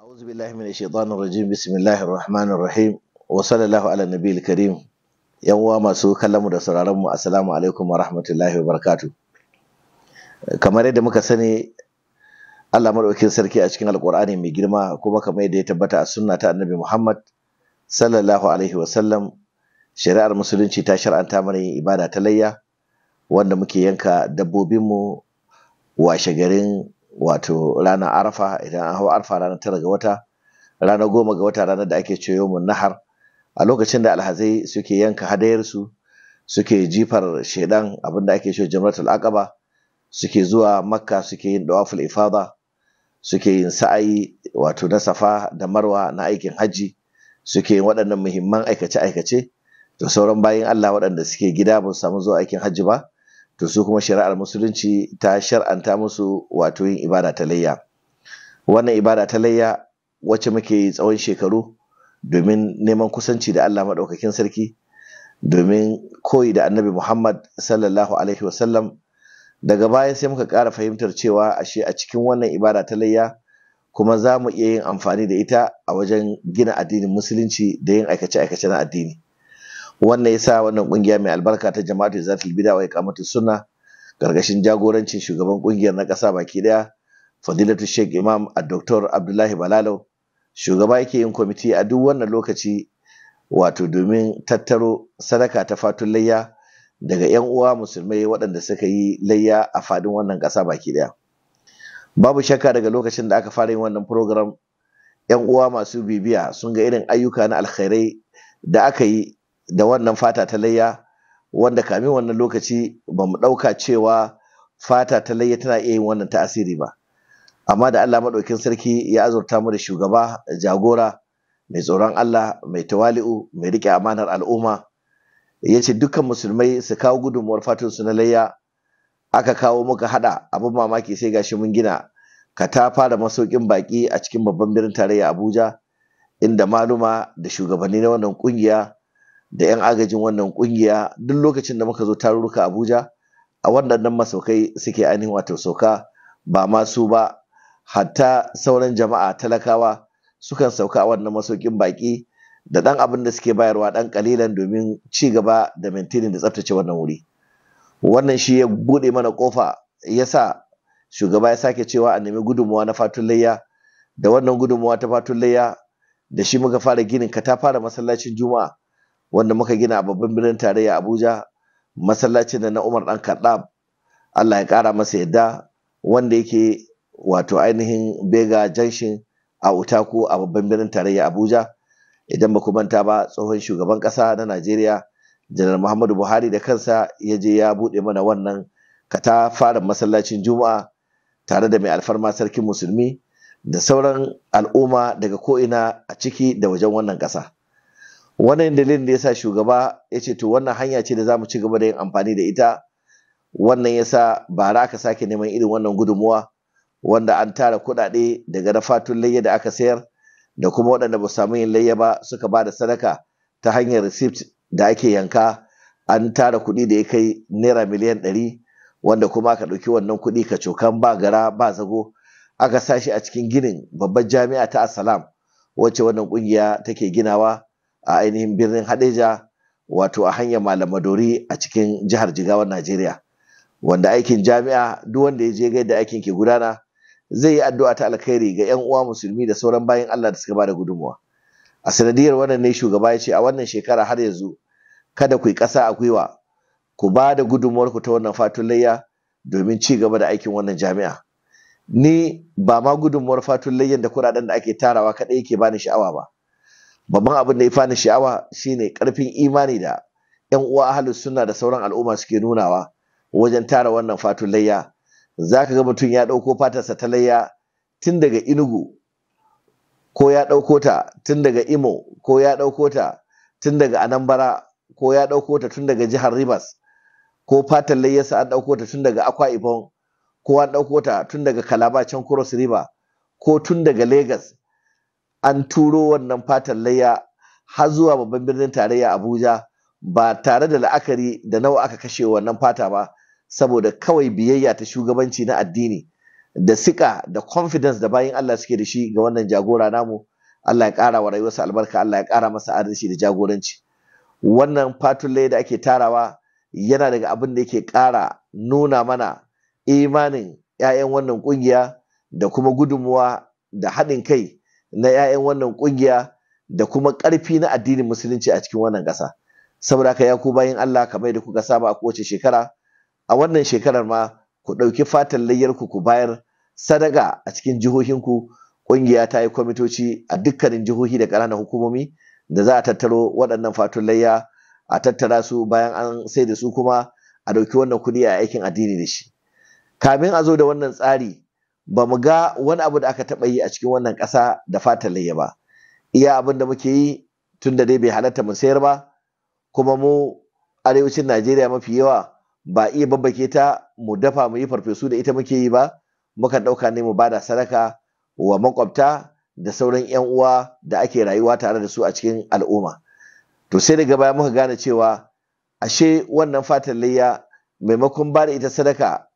أعوذ بالله من الشيطان الرجيم بسم الله الرحمن الرحيم وصلى الله على النبي yan uwa masu kallonmu da sauraronmu assalamu alaikum wa rahmatullahi wa barakatu kamar yadda muka sani Allah madaukakin sarki a cikin alkur'ani mai girma kuma kamar yadda ya tabbata a sunna ta annabi Muhammad sallallahu alaihi wa sallam shari'ar musulunci ta shar'anta mana yin ibada ta layya wanda muke yanka dabbobinmu washe garin wato ranar arafa idan an hau arfa ranar tara ga wata ranar goma ga wata ranar da ake ce yomin nahar a lokacin da alhazai suke yanka hadayarsu suke jifar shaidan abinda ake ce jamratul aqaba suke zuwa makka suke yin dawaful ifada suke yin sa'ayi wato na safa da marwa na aikin hajji suke yin waɗannan muhimman aikace-aikace to sauran bayan Allah waɗanda suke gida ba su samu zuwa aikin hajji ba to su kuma shari'ar musulunci ta shar'anta musu wato yin ibada ta layya wannan ibada ta layya wacce muke yi tsawon shekaru domin neman kusanci da Allah maɗaukakin sarki domin koyi da annabi Muhammad sallallahu alaihi wasallam daga baya sai muka ƙara fahimtar cewa ashe a cikin wannan ibada ta layya kuma za mu iya yin amfani da ita a wajen gina addinin musulunci da yin aikace-aikace na addini wannan yasa wannan kungiya mai albarka ta jama'atu zatul bid'a wa iqamatu sunna gargashin jagorancin shugaban kungiyar na kasa baki daya fadilatu sheikh imam a doktor abdullahi balalo shugaba yake yin kwamiti a duk wannan lokaci wato domin tattaro sadaka ta fatun layya daga 'yan uwa musulmai waɗanda suka yi layya a fadin wannan ƙasa baki ɗaya babu shakka daga lokacin da aka fara yin wannan program 'yan uwa masu bibiya sun ga irin ayyuka na alkhairai da aka yi da wannan fata ta layya wanda kamin wannan lokaci ba mu ɗauka cewa fata ta layya tana iya yin wannan tasiri ba amma da Allah maɗaukin sarki ya azurta mu da shugaba jagora mai tsoron Allah mai tawali'u mai riƙe amanar al'umma ya ce dukkan musulmai su kawo gudunmuwar fatan su na layya aka kawo muka haɗa abin mamaki sai gashi mun gina ka ta fara masaukin baƙi a cikin babban birnin tarayya Abuja inda maluma da shugabanni na wannan ƙungiya da 'yan agajin wannan ƙungiya duk lokacin da muka zo tarurruka abuja a nan masaukai suke ainihin wato sauka ba masu ba hatta sauran jama'a talakawa sukan sauka a wannan masaukin baƙi, da ɗan abin da suke bayarwa dan ƙalilan domin ci gaba da maintaining da tsaftace wannan wuri wannan shi ya buɗe mana ƙofa ya sa shugaba ya sake cewa a nemi gudunmuwa na fatun layya da wannan gudunmuwa ta fatun layya da shi muka fara ginin ka ta fara masallacin juma'a wanda muka gina a babban birnin tarayya Abuja masallacin da na Umar dan Kaddab Allah ya kara masa yadda wanda yake wato ainihin Bega Junction a Utako a babban birnin tarayya Abuja idan ba ku manta ba tsohon shugaban kasa na Najeriya Janar Muhammadu Buhari da kansa ya je ya bude mana wannan kata fara masallacin Juma'a tare da mai alfarma sarkin musulmi da sauran al'umma daga ko'ina a ciki da wajen wannan ƙasa. wannan dalilin da yasa shugaba ya ce to wannan hanya ce da za mu ci gaba da yin amfani da ita wannan yasa bara aka sake neman irin wannan gudunmuwa wanda an tara kuɗaɗe daga na fatun layya da aka sayar da kuma waɗanda ba samu yin layya ba suka ba da sadaka ta hanyar receipt da ake yanka an tara kuɗi da ya kai naira miliyan ɗari wanda kuma aka ɗauki wannan kuɗi ka cokan ba gara ba zago aka sashi a cikin ginin babbar jami'a ta asalam wacce wannan ƙungiya take ginawa a ainihin birnin hadeja wato a hanyar Madori a cikin jihar jigawar najeriya wanda aikin jami'a duk wanda ya je ga yadda aikin ke gudana zai yi addu'a ta alkhairi ga yan uwa musulmi da sauran bayan allah da suka bada gudunmuwa a sanadiyar wannan ne shugaba ya ce a wannan shekara har yanzu kada ku yi ƙasa a gwiwa ku ba da ku ta wannan fatun domin ci gaba da aikin wannan jami'a ni ba ma gudunmuwar fatun layyan da kuɗaɗen da ake tarawa kaɗai yake bani sha'awa ba babban abin da ya fani sha'awa shine karfin imani da yan uwa ahlus sunna da sauran al'umma suke nunawa wajen tara wannan fatun layya zaka ga mutum ya dauko fatarsa ta layya tun daga inugu ko ya dauko ta tun daga imo ko ya dauko ta tun daga anambra ko ya dauko ta tun daga jihar rivers ko fatar sa an dauko ta tun daga akwa ibom ko an dauko ta tun daga calabar can cross river ko tun daga lagos an turo wannan fatan layya har zuwa babban birnin tarayya abuja ba tare da la'akari da nawa aka kashe wannan fata ba saboda kawai biyayya ta shugabanci na addini da sika da confidence da bayin allah suke da shi ga wannan jagora namu allah ya kara wa rayuwarsa albarka allah ya kara masa adalci da jagoranci wannan fatan layya da ake tarawa yana daga abin da yake ƙara nuna mana imanin 'ya'yan wannan kungiya da kuma gudunmuwa da haɗin kai na 'ya'yan wannan kungiya da kuma ƙarfi na addinin musulunci a cikin wannan ƙasa saboda haka ya ku bayan Allah kamar da kuka saba a kowace shekara a wannan shekarar ma ku ɗauki fatan layyarku ku bayar sadaka a cikin jihohinku ƙungiya ta yi kwamitoci a dukkanin jihohi da ƙananan hukumomi da za a tattaro waɗannan fatun layya a tattara su bayan an sai da su kuma a ɗauki wannan kuɗi a aikin addini da shi kamin a zo da wannan tsari ba mu ga wani abu da aka taɓa yi a cikin wannan ƙasa da fatan layya ba iya abin da muke yi tun da dai bai halatta mu sayar ba kuma mu arewacin najeriya mafi yawa ba iya babbake ta mu dafa mu yi farfesu da ita muke yi ba muka ɗauka ne mu bada sadaka wa makwabta da sauran 'yan uwa da ake rayuwa tare da su a cikin al'umma to sai daga baya muka gane cewa ashe wannan fatan layya maimakon ba da ita sadaka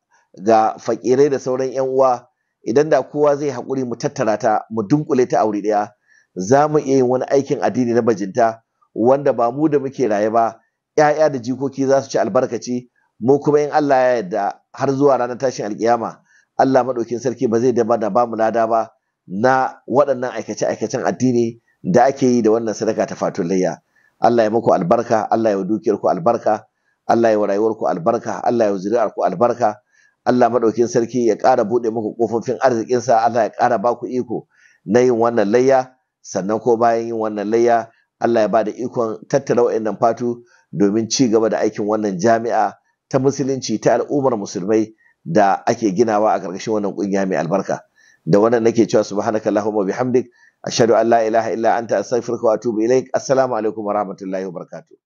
ga fakirai da sauran 'yan uwa idan da kowa zai haƙuri mu tattara ta mu dunkule ta a wuri ɗaya za mu iya yin wani aikin addini na bajinta wanda ba mu da muke raye ba ‘ya'ya da jikoki za su ci albarkaci mu kuma in Allah ya yarda har zuwa ranar tashin alƙiyama. Allah maɗaukin sarki ba zai daba da bamu lada ba na waɗannan aikace-aikacen addini da ake yi da wannan sadaka ta fatulayya Allah ya muku albarka Allah ya wa dukiyar albarka Allah ya wa rayuwar albarka Allah ya wa zuri'ar ku albarka Allah madaukin sarki ya ƙara buɗe muku arzikin sa Allah ya ƙara ba ku iko na yin wannan layya sannan ko bayan yin wannan layya Allah ya bada ikon tattara wa'annan fatu domin ci gaba da aikin wannan jami'a ta musulunci ta al'ummar musulmai da ake ginawa a ƙarƙashin wannan ƙungiya mai albarka da wannan nake cewa subhanaka allahumma bihamdik ashhadu an la ilaha illa anta astaghfiruka wa atubu ilaik assalamu alaikum wa rahmatullahi wa barakatuh